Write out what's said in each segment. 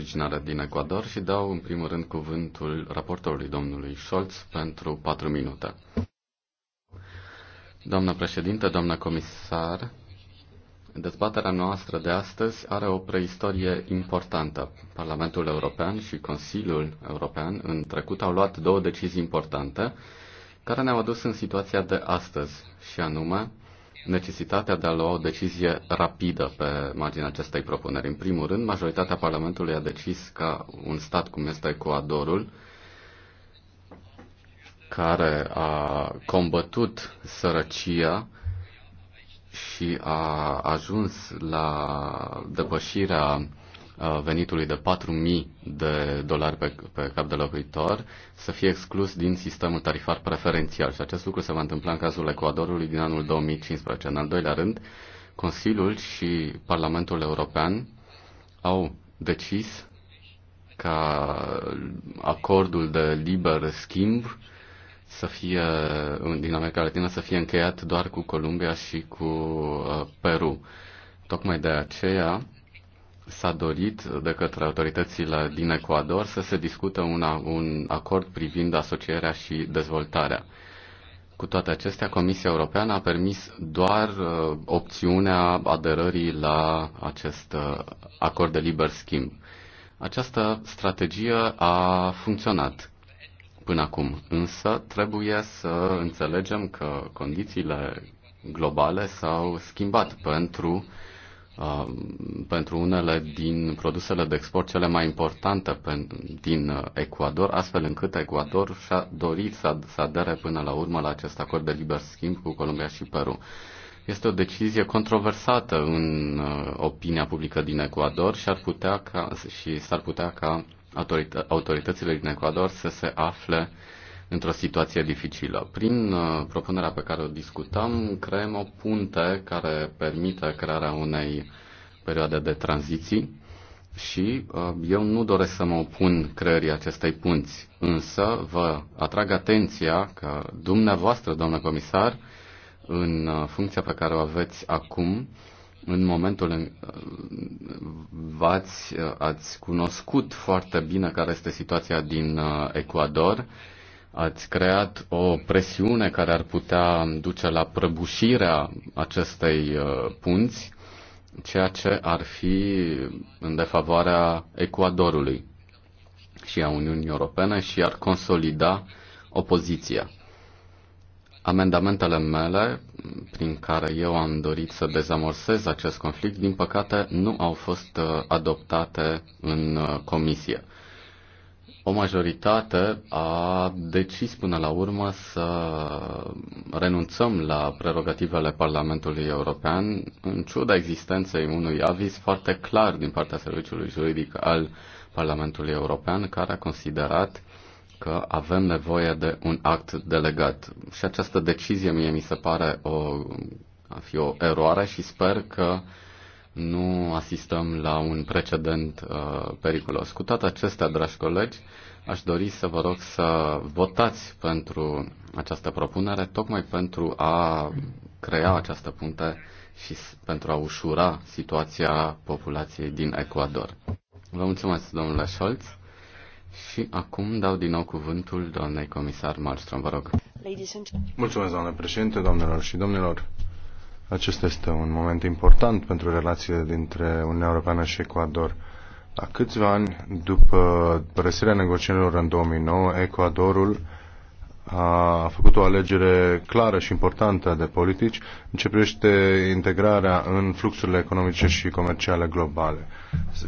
originară din Ecuador și dau în primul rând cuvântul raportorului domnului Scholz pentru patru minute. Doamna președinte, doamna comisar, dezbaterea noastră de astăzi are o preistorie importantă. Parlamentul European și Consiliul European în trecut au luat două decizii importante care ne-au adus în situația de astăzi, și anume necesitatea de a lua o decizie rapidă pe marginea acestei propuneri. În primul rând, majoritatea Parlamentului a decis ca un stat cum este Ecuadorul, care a combătut sărăcia și a ajuns la depășirea Uh, venitului de 4.000 de dolari pe, pe cap de locuitor să fie exclus din sistemul tarifar preferențial și acest lucru se va întâmpla în cazul Ecuadorului din anul 2015. În al doilea rând, Consiliul și Parlamentul European au decis ca acordul de liber schimb să fie din America Latină să fie încheiat doar cu Columbia și cu uh, Peru. Tocmai de aceea s-a dorit de către autoritățile din Ecuador să se discute una, un acord privind asocierea și dezvoltarea. Cu toate acestea, Comisia Europeană a permis doar uh, opțiunea aderării la acest uh, acord de liber schimb. Această strategie a funcționat până acum, însă trebuie să înțelegem că condițiile globale s-au schimbat pentru uh, Um, pentru unele din produsele de export cele mai importante din uh, Ecuador, astfel încât Ecuador și-a dorit să, să adere până la urmă la acest acord de liber schimb cu Columbia și Peru. Este o decizie controversată în uh, opinia publică din Ecuador și, ar putea ca, și s-ar putea ca autoritățile din Ecuador să se afle uh, într-o situație dificilă. Prin uh, propunerea pe care o discutăm, creăm o punte care permite crearea unei perioade de tranziții și uh, eu nu doresc să mă opun creării acestei punți, însă vă atrag atenția că dumneavoastră, doamnă comisar, în uh, funcția pe care o aveți acum, în momentul în v-ați ați cunoscut foarte bine care este situația din Ecuador ați creat o presiune care ar putea duce la prăbușirea acestei uh, punți, ceea ce ar fi în defavoarea Ecuadorului și a Uniunii Europene și ar consolida opoziția. Amendamentele mele, prin care eu am dorit să dezamorsez acest conflict, din păcate nu au fost uh, adoptate în uh, comisie o majoritate a decis până la urmă să renunțăm la prerogativele Parlamentului European, în ciuda existenței unui aviz foarte clar din partea Serviciului Juridic al Parlamentului European, care a considerat că avem nevoie de un act delegat. Și această decizie mie mi se pare o, a fi o eroare și sper că uh, nu asistăm la un precedent uh, periculos. Cu toate acestea, dragi colegi, aș dori să vă rog să votați pentru această propunere, tocmai pentru a crea această punte și pentru a ușura situația populației din Ecuador. Vă mulțumesc, domnule Scholz. Și acum dau din nou cuvântul doamnei comisar Malmström, vă rog. Mulțumesc, doamnă președinte, doamnelor și domnilor. Acesta este un moment important pentru relațiile dintre Uniunea Europeană și Ecuador. La câțiva ani după părăsirea negocierilor în 2009, Ecuadorul a făcut o alegere clară și importantă de politici în ce privește integrarea în fluxurile economice și comerciale globale.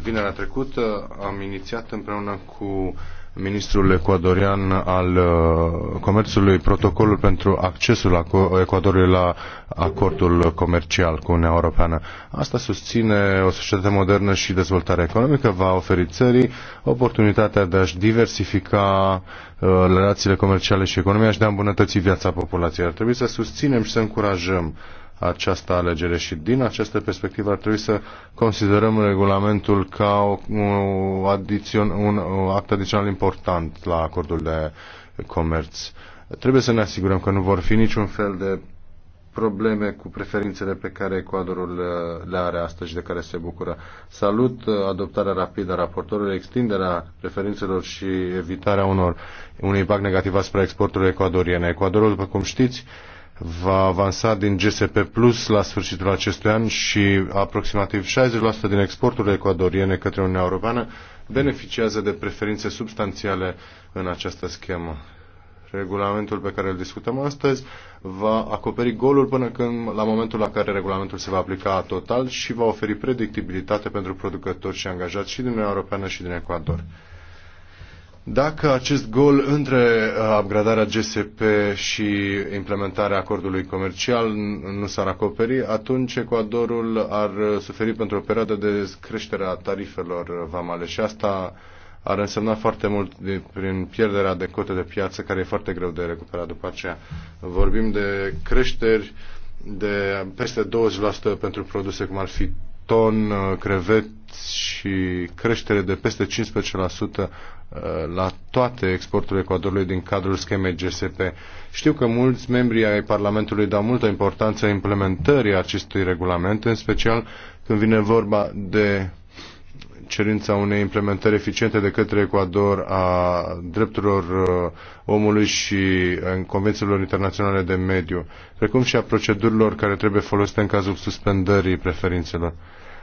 Vinerea trecută am inițiat împreună cu ministrul ecuadorian al uh, comerțului protocolul pentru accesul Ecuadorului la acordul comercial cu Uniunea Europeană. Asta susține o societate modernă și dezvoltarea economică, va oferi țării oportunitatea de a-și diversifica uh, relațiile comerciale și economia și de a îmbunătăți viața populației. Ar trebui să susținem și să încurajăm această alegere și din această perspectivă ar trebui să considerăm regulamentul ca o, o adițion, un o act adițional important la acordul de comerț. Trebuie să ne asigurăm că nu vor fi niciun fel de probleme cu preferințele pe care Ecuadorul le are astăzi și de care se bucură. Salut adoptarea rapidă a raportorului, extinderea preferințelor și evitarea unor, unui impact negativ asupra exporturilor ecuadoriene. Ecuadorul, după cum știți, va avansa din GSP Plus la sfârșitul acestui an și aproximativ 60% din exporturile ecuadoriene către Uniunea Europeană beneficiază de preferințe substanțiale în această schemă. Regulamentul pe care îl discutăm astăzi va acoperi golul până când, la momentul la care regulamentul se va aplica total și va oferi predictibilitate pentru producători și angajați și din Uniunea Europeană și din Ecuador dacă acest gol între uh, upgradarea GSP și implementarea acordului comercial nu s-ar acoperi, atunci Ecuadorul ar uh, suferi pentru o perioadă de creștere a tarifelor uh, vamale și asta ar însemna foarte mult prin pierderea de cote de piață, care e foarte greu de recuperat după aceea. Vorbim de creșteri de peste 20% pentru produse cum ar fi ton uh, creveți și creștere de peste 15% uh, la toate exporturile Ecuadorului din cadrul schemei GSP. Știu că mulți membri ai Parlamentului dau multă importanță implementării acestui regulament, în special când vine vorba de cerința unei implementări eficiente de către Ecuador a drepturilor uh, omului și uh, în convențiilor internaționale de mediu, precum și a procedurilor care trebuie folosite în cazul suspendării preferințelor.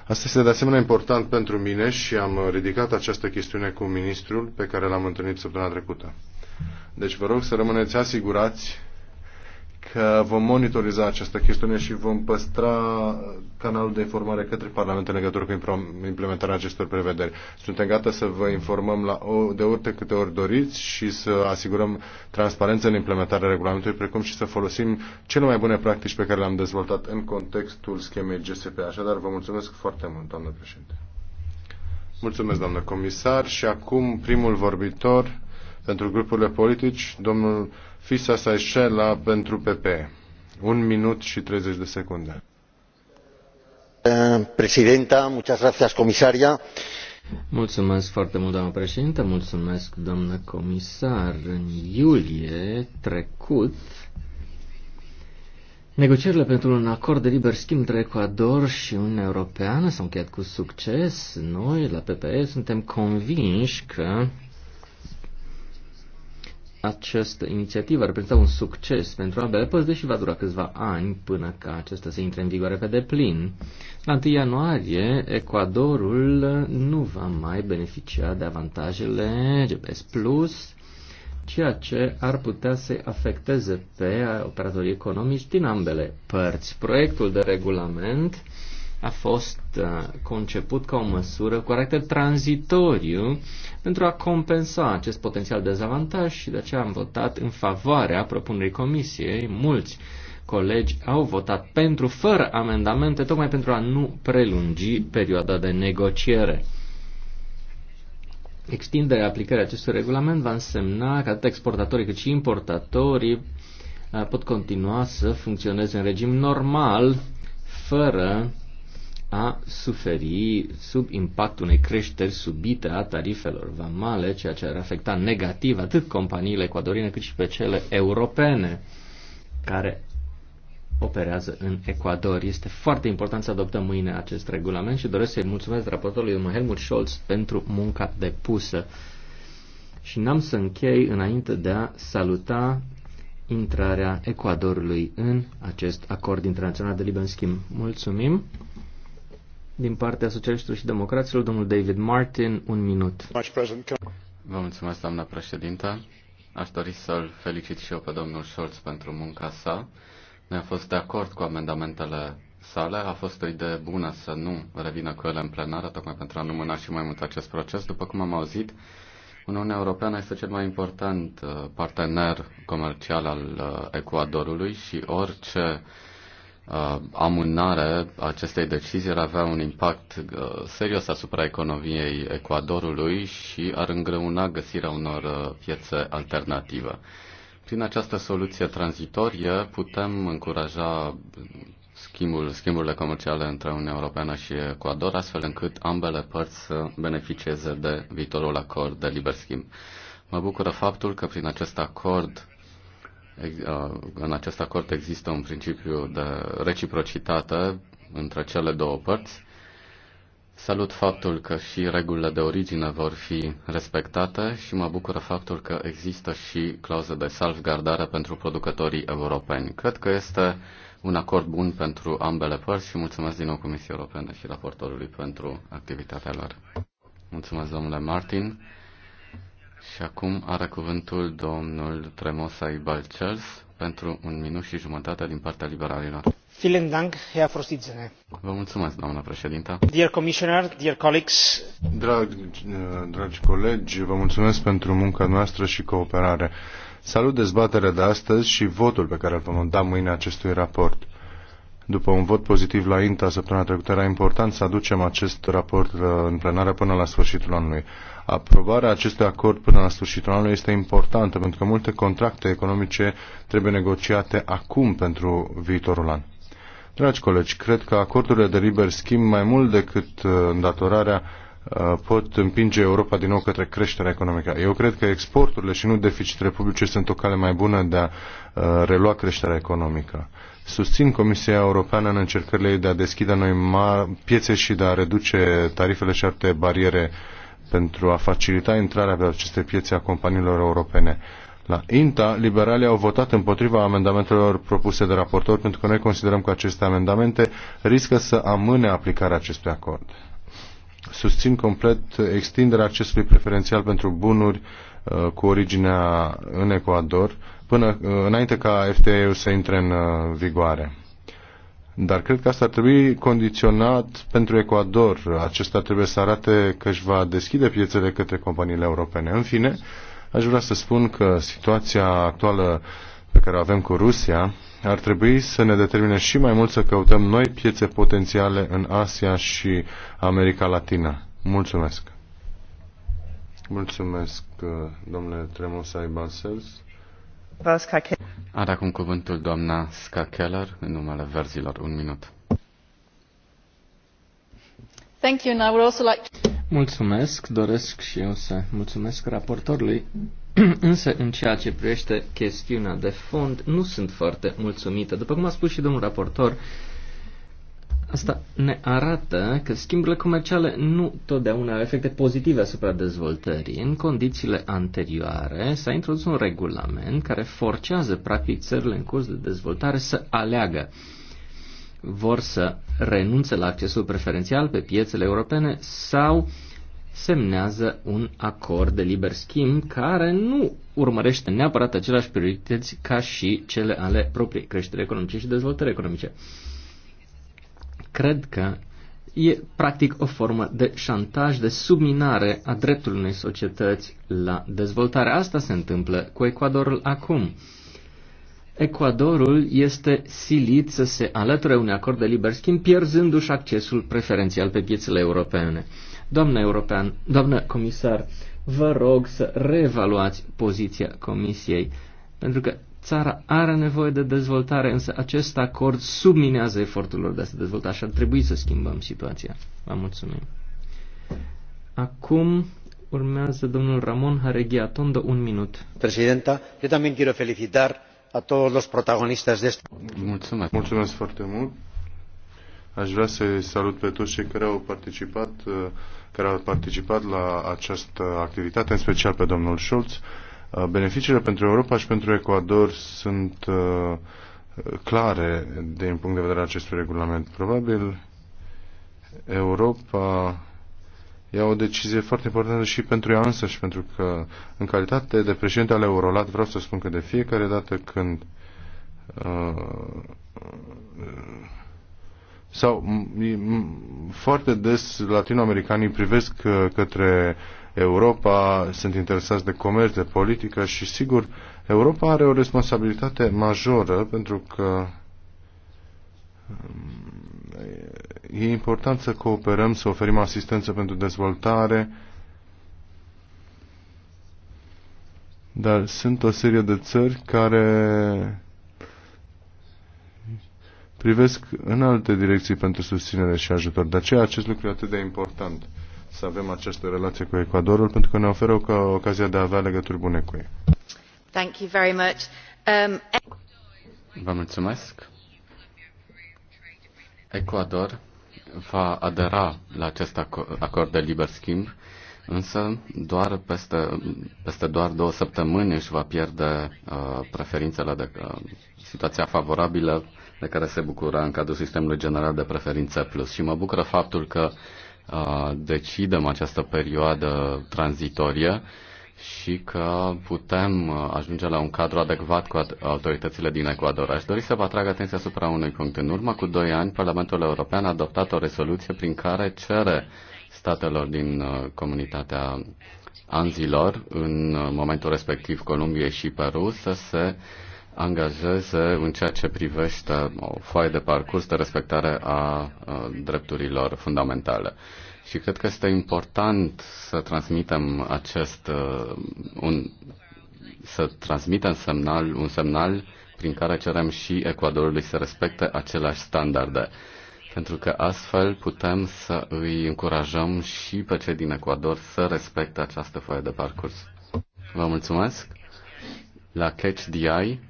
Asta este de asemenea important pentru mine și am ridicat această chestiune cu ministrul pe care l-am întâlnit săptămâna trecută. Deci vă rog să rămâneți asigurați că vom monitoriza această chestiune și vom păstra canalul de informare către Parlament în legătură cu implementarea acestor prevederi. Suntem gata să vă informăm la, de orte câte ori doriți și să asigurăm transparență în implementarea regulamentului, precum și să folosim cele mai bune practici pe care le-am dezvoltat în contextul schemei GSP. Așadar, vă mulțumesc foarte mult, doamnă președinte. Mulțumesc, doamnă comisar. Și acum primul vorbitor pentru grupurile politici, domnul Fisa Saishela pentru PP. Un minut și 30 de secunde. Eh, presidenta, muchas gracias, comisaria. Mulțumesc foarte mult, doamnă președinte, mulțumesc, doamnă comisar. În iulie trecut, Negocierile pentru un acord de liber schimb între Ecuador și Uniunea Europeană s-au încheiat cu succes. Noi, la PPE, suntem convinși că această inițiativă reprezenta un succes pentru ambele părți, deși va dura câțiva ani până ca acesta să intre în vigoare pe deplin. La 1 ianuarie, Ecuadorul nu va mai beneficia de avantajele GPS+, Plus, ceea ce ar putea să afecteze pe operatorii economici din ambele părți. Proiectul de regulament a fost uh, conceput ca o măsură cu caracter tranzitoriu pentru a compensa acest potențial dezavantaj și de aceea am votat în favoarea propunerii comisiei. Mulți colegi au votat pentru, fără amendamente, tocmai pentru a nu prelungi perioada de negociere. Extinderea aplicării acestui regulament va însemna că atât exportatorii cât și importatorii uh, pot continua să funcționeze în regim normal, fără a suferi sub impactul unei creșteri subite a tarifelor vamale, ceea ce ar afecta negativ atât companiile ecuadoriene cât și pe cele europene care operează în Ecuador. Este foarte important să adoptăm mâine acest regulament și doresc să-i mulțumesc raportorului Helmut Scholz pentru munca depusă. Și n-am să închei înainte de a saluta intrarea Ecuadorului în acest acord internațional de liber schimb. Mulțumim! Din partea socialiștilor și democraților, domnul David Martin, un minut. Vă mulțumesc, doamna președintă. Aș dori să-l felicit și eu pe domnul Scholz pentru munca sa. Ne-a fost de acord cu amendamentele sale. A fost o idee bună să nu revină cu ele în plenară, tocmai pentru a nu mâna și mai mult acest proces. După cum am auzit, Uniunea Europeană este cel mai important uh, partener comercial al uh, Ecuadorului și orice Uh, amânare acestei decizii ar avea un impact uh, serios asupra economiei Ecuadorului și ar îngreuna găsirea unor uh, piețe alternative. Prin această soluție tranzitorie putem încuraja schimbul, schimburile comerciale între Uniunea Europeană și Ecuador, astfel încât ambele părți să beneficieze de viitorul acord de liber schimb. Mă bucură faptul că prin acest acord în acest acord există un principiu de reciprocitate între cele două părți. Salut faptul că și regulile de origine vor fi respectate și mă bucură faptul că există și clauze de salvgardare pentru producătorii europeni. Cred că este un acord bun pentru ambele părți și mulțumesc din nou Comisiei Europene și raportorului pentru activitatea lor. Mulțumesc, domnule Martin. Și acum are cuvântul domnul Tremosa Ibalcels pentru un minut și jumătate din partea liberalilor. Vielen Dank, Herr Vorsitzende. Vă mulțumesc, doamna președintă. Dear Commissioner, dear colleagues. Dragi, dragi colegi, vă mulțumesc pentru munca noastră și cooperare. Salut dezbaterea de astăzi și votul pe care îl vom da mâine acestui raport după un vot pozitiv la INTA săptămâna trecută, era important să aducem acest raport uh, în plenară până la sfârșitul anului. Aprobarea acestui acord până la sfârșitul anului este importantă pentru că multe contracte economice trebuie negociate acum pentru viitorul an. Dragi colegi, cred că acordurile de liber schimb mai mult decât uh, îndatorarea Uh, pot împinge Europa din nou către creșterea economică. Eu cred că exporturile și nu deficitele publice sunt o cale mai bună de a uh, relua creșterea economică. Susțin Comisia Europeană în încercările ei de a deschide noi piețe și de a reduce tarifele și alte bariere pentru a facilita intrarea pe aceste piețe a companiilor europene. La INTA, liberalii au votat împotriva amendamentelor propuse de raportor pentru că noi considerăm că aceste amendamente riscă să amâne aplicarea acestui acord susțin complet extinderea accesului preferențial pentru bunuri uh, cu originea în Ecuador până uh, înainte ca FTA-ul să intre în uh, vigoare. Dar cred că asta ar trebui condiționat pentru Ecuador. Acesta trebuie să arate că își va deschide piețele către companiile europene. În fine, aș vrea să spun că situația actuală pe care o avem cu Rusia ar trebui să ne determine și mai mult să căutăm noi piețe potențiale în Asia și America Latina. Mulțumesc! Mulțumesc, domnule Tremosai Balsels. Are acum cuvântul doamna Ska Keller în numele verzilor. Un minut. Thank you, and I would also like... Mulțumesc, doresc și eu să mulțumesc raportorului Însă, în ceea ce privește chestiunea de fond, nu sunt foarte mulțumită. După cum a spus și domnul raportor, asta ne arată că schimburile comerciale nu totdeauna au efecte pozitive asupra dezvoltării. În condițiile anterioare s-a introdus un regulament care forcează, practic, țările în curs de dezvoltare să aleagă vor să renunțe la accesul preferențial pe piețele europene sau uh, semnează un acord de liber schimb care nu urmărește neapărat aceleași priorități ca și cele ale propriei creștere economice și dezvoltări economice. Cred că e practic o formă de șantaj, de subminare a dreptului unei societăți la dezvoltare. Asta se întâmplă cu Ecuadorul acum. Ecuadorul este silit să se alăture unui acord de liber schimb, pierzându-și accesul preferențial pe piețele europene. Doamna european, doamna comisar, vă rog să reevaluați poziția Comisiei, pentru că țara are nevoie de dezvoltare, însă acest acord subminează lor de a se dezvolta și ar trebui să schimbăm situația. Vă mulțumim. Acum urmează domnul Ramon Haregia Tondo, un minut. Președinta, eu también quiero felicitar a todos los protagonistas de este... Mulțumesc. Mulțumesc foarte mult. Aș vrea să salut pe toți cei care au participat care au participat la această activitate, în special pe domnul Schulz. Uh, beneficiile pentru Europa și pentru Ecuador sunt uh, clare din punct de vedere acestui regulament. Probabil Europa ia o decizie foarte importantă și pentru ea și pentru că în calitate de președinte al Eurolat vreau să spun că de fiecare dată când uh, sau foarte des latinoamericanii privesc uh, către Europa, sunt interesați de comerț, de politică și sigur Europa are o responsabilitate majoră pentru că um, e important să cooperăm, să oferim asistență pentru dezvoltare, dar sunt o serie de țări care privesc în alte direcții pentru susținere și ajutor. De aceea acest lucru e atât de important să avem această relație cu Ecuadorul, pentru că ne oferă o ocazia de a avea legături bune cu ei. Thank you very much. Um, Vă mulțumesc. Ecuador va adera la acest acord de liber schimb, însă doar peste, peste doar două săptămâni își va pierde uh, preferințele de uh, situația favorabilă de care se bucură în cadrul sistemului general de preferințe plus. Și mă bucură faptul că uh, decidem această perioadă tranzitorie și că putem uh, ajunge la un cadru adecvat cu autoritățile din Ecuador. Aș dori să vă atrag atenția asupra unui punct. În urmă cu doi ani, Parlamentul European a adoptat o rezoluție prin care cere statelor din uh, comunitatea anzilor, în uh, momentul respectiv Columbia și Peru, să se uh, angajeze în ceea ce privește o foaie de parcurs de respectare a drepturilor fundamentale. Și cred că este important să transmitem acest un, să transmitem semnal, un semnal prin care cerem și Ecuadorului să respecte aceleași standarde. Pentru că astfel putem să îi încurajăm și pe cei din Ecuador să respecte această foaie de parcurs. Vă mulțumesc! La Catch the Eye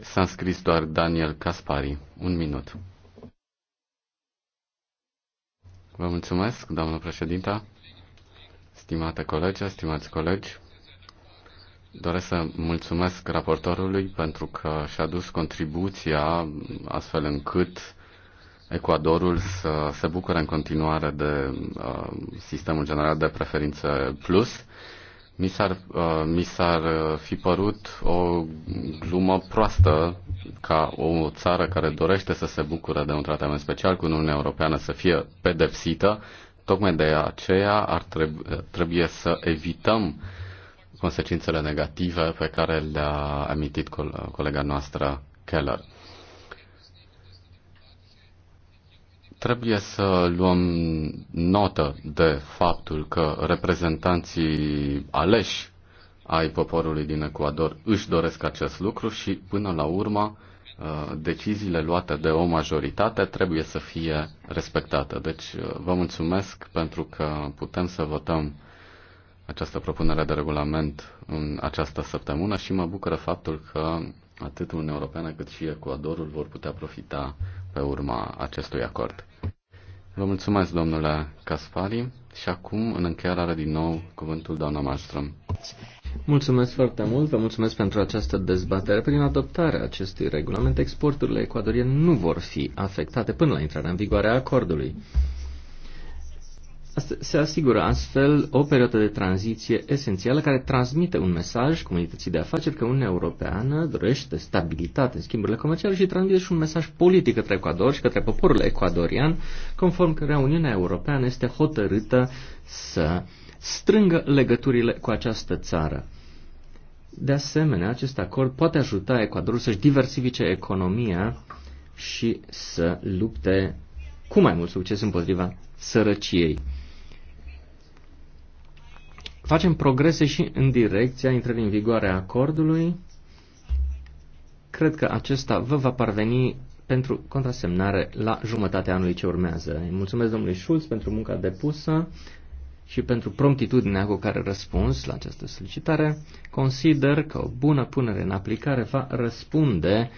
S-a scris doar Daniel Caspari. Un minut. Vă mulțumesc, doamnă președinta, stimate colegi, stimați colegi. Doresc să mulțumesc raportorului pentru că și-a dus contribuția astfel încât Ecuadorul să se bucure în continuare de uh, sistemul general de preferințe plus mi s-ar, uh, mi s-ar uh, fi părut o glumă proastă ca o țară care dorește să se bucure de un tratament special cu Uniunea Europeană să fie pedepsită. Tocmai de aceea ar treb- trebuie să evităm consecințele negative pe care le-a amintit co- colega noastră Keller. Trebuie să luăm notă de faptul că reprezentanții aleși ai poporului din Ecuador își doresc acest lucru și, până la urmă, uh, deciziile luate de o majoritate trebuie să fie respectate. Deci, uh, vă mulțumesc pentru că putem să votăm această propunere de regulament în această săptămână și mă bucură faptul că atât Uniunea Europeană cât și Ecuadorul vor putea profita pe urma acestui acord. Vă mulțumesc, domnule Caspari, și acum, în încheiere, are din nou cuvântul doamna Malmström. Mulțumesc foarte mult, vă mulțumesc pentru această dezbatere. Prin adoptarea acestui regulament, exporturile ecuadoriene nu vor fi afectate până la intrarea în vigoare a acordului. Se asigură astfel o perioadă de tranziție esențială care transmite un mesaj comunității de afaceri că Uniunea Europeană dorește stabilitate în schimburile comerciale și transmite și un mesaj politic către Ecuador și către poporul ecuadorian, conform cărea Uniunea Europeană este hotărâtă să strângă legăturile cu această țară. De asemenea, acest acord poate ajuta Ecuadorul să-și diversifice economia și să lupte cu mai mult succes împotriva sărăciei facem progrese și în direcția intrării în vigoare a acordului. Cred că acesta vă va parveni pentru contrasemnare la jumătatea anului ce urmează. Îi mulțumesc domnului Schulz pentru munca depusă și pentru promptitudinea cu care răspuns la această solicitare. Consider că o bună punere în aplicare va răspunde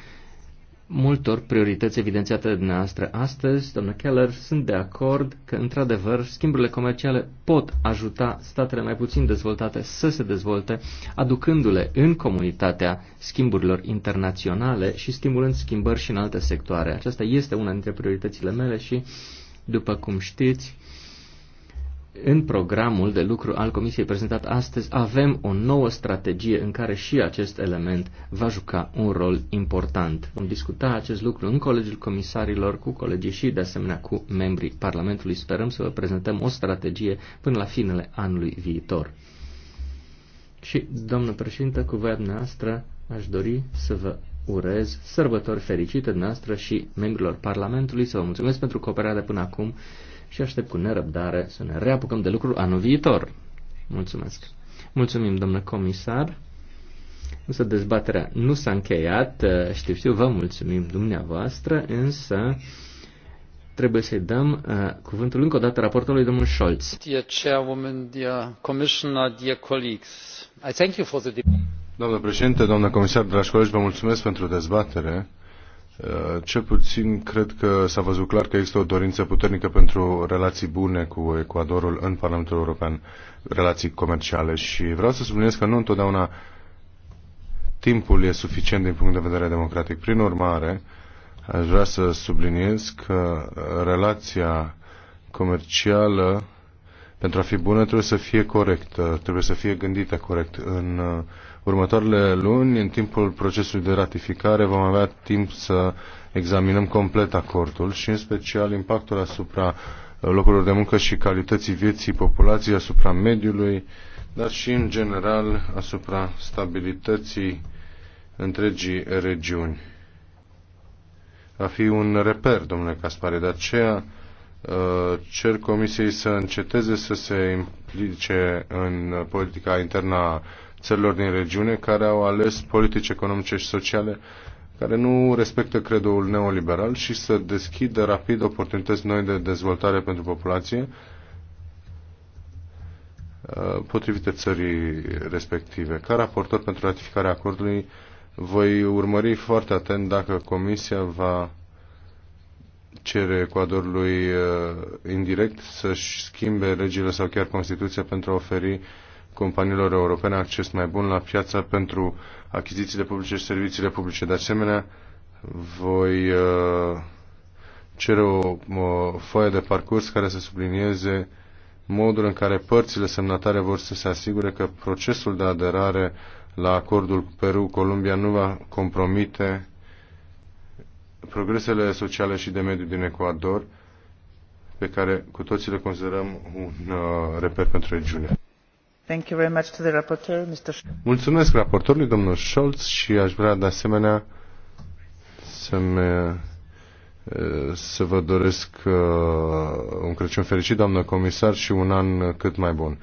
multor priorități evidențiate de dumneavoastră astăzi, domnul Keller, sunt de acord că, într-adevăr, schimburile comerciale pot ajuta statele mai puțin dezvoltate să se dezvolte, aducându-le în comunitatea schimburilor internaționale și stimulând schimbări și în alte sectoare. Aceasta este una dintre prioritățile mele și, după cum știți, în programul de lucru al Comisiei prezentat astăzi avem o nouă strategie în care și acest element va juca un rol important. Vom discuta acest lucru în Colegiul Comisarilor, cu colegii și, de asemenea, cu membrii Parlamentului. Sperăm să vă prezentăm o strategie până la finele anului viitor. Și, domnul președinte, cu voia dumneavoastră aș dori să vă urez sărbători fericite dumneavoastră și membrilor Parlamentului, să vă mulțumesc pentru cooperarea de până acum și aștept cu nerăbdare să ne reapucăm de lucru anul viitor. Mulțumesc! Mulțumim, domnule comisar! Însă dezbaterea nu s-a încheiat, știu, eu, vă mulțumim dumneavoastră, însă trebuie să-i dăm uh, cuvântul încă o dată raportului domnul Scholz. Dear Chairwoman, dear Commissioner, dear colleagues, I thank you for the Doamnă președinte, doamnă comisar, dragi colegi, vă mulțumesc pentru dezbatere. Uh, cel puțin cred că s-a văzut clar că există o dorință puternică pentru relații bune cu Ecuadorul în Parlamentul European, relații comerciale și vreau să subliniez că nu întotdeauna timpul e suficient din punct de vedere democratic. Prin urmare, aș vrea să subliniez că relația comercială pentru a fi bună trebuie să fie corectă, trebuie să fie gândită corect în uh, următoarele luni, în timpul procesului de ratificare, vom avea timp să examinăm complet acordul și, în special, impactul asupra uh, locurilor de muncă și calității vieții populației, asupra mediului, dar și, în general, asupra stabilității întregii regiuni. Va fi un reper, domnule Caspare, de aceea Uh, cer Comisiei să înceteze să se implice în politica internă a țărilor din regiune care au ales politici economice și sociale care nu respectă credoul neoliberal și să deschidă rapid oportunități noi de dezvoltare pentru populație uh, potrivite țării respective. Ca raportor pentru ratificarea acordului voi urmări foarte atent dacă Comisia va cere Ecuadorului uh, indirect să-și schimbe legile sau chiar Constituția pentru a oferi companiilor europene acces mai bun la piața pentru achizițiile publice și serviciile publice. De asemenea, voi uh, cere o, o foaie de parcurs care să sublinieze modul în care părțile semnatare vor să se asigure că procesul de aderare la acordul Peru-Columbia nu va compromite progresele sociale și de mediu din Ecuador, pe care cu toții le considerăm un uh, reper pentru regiune. Thank you very much to the rapporteur, Mr. Mulțumesc raportorului, domnul Scholz, și aș vrea de asemenea să-mi uh, să vă doresc uh, un Crăciun fericit, doamnă comisar, și un an cât mai bun.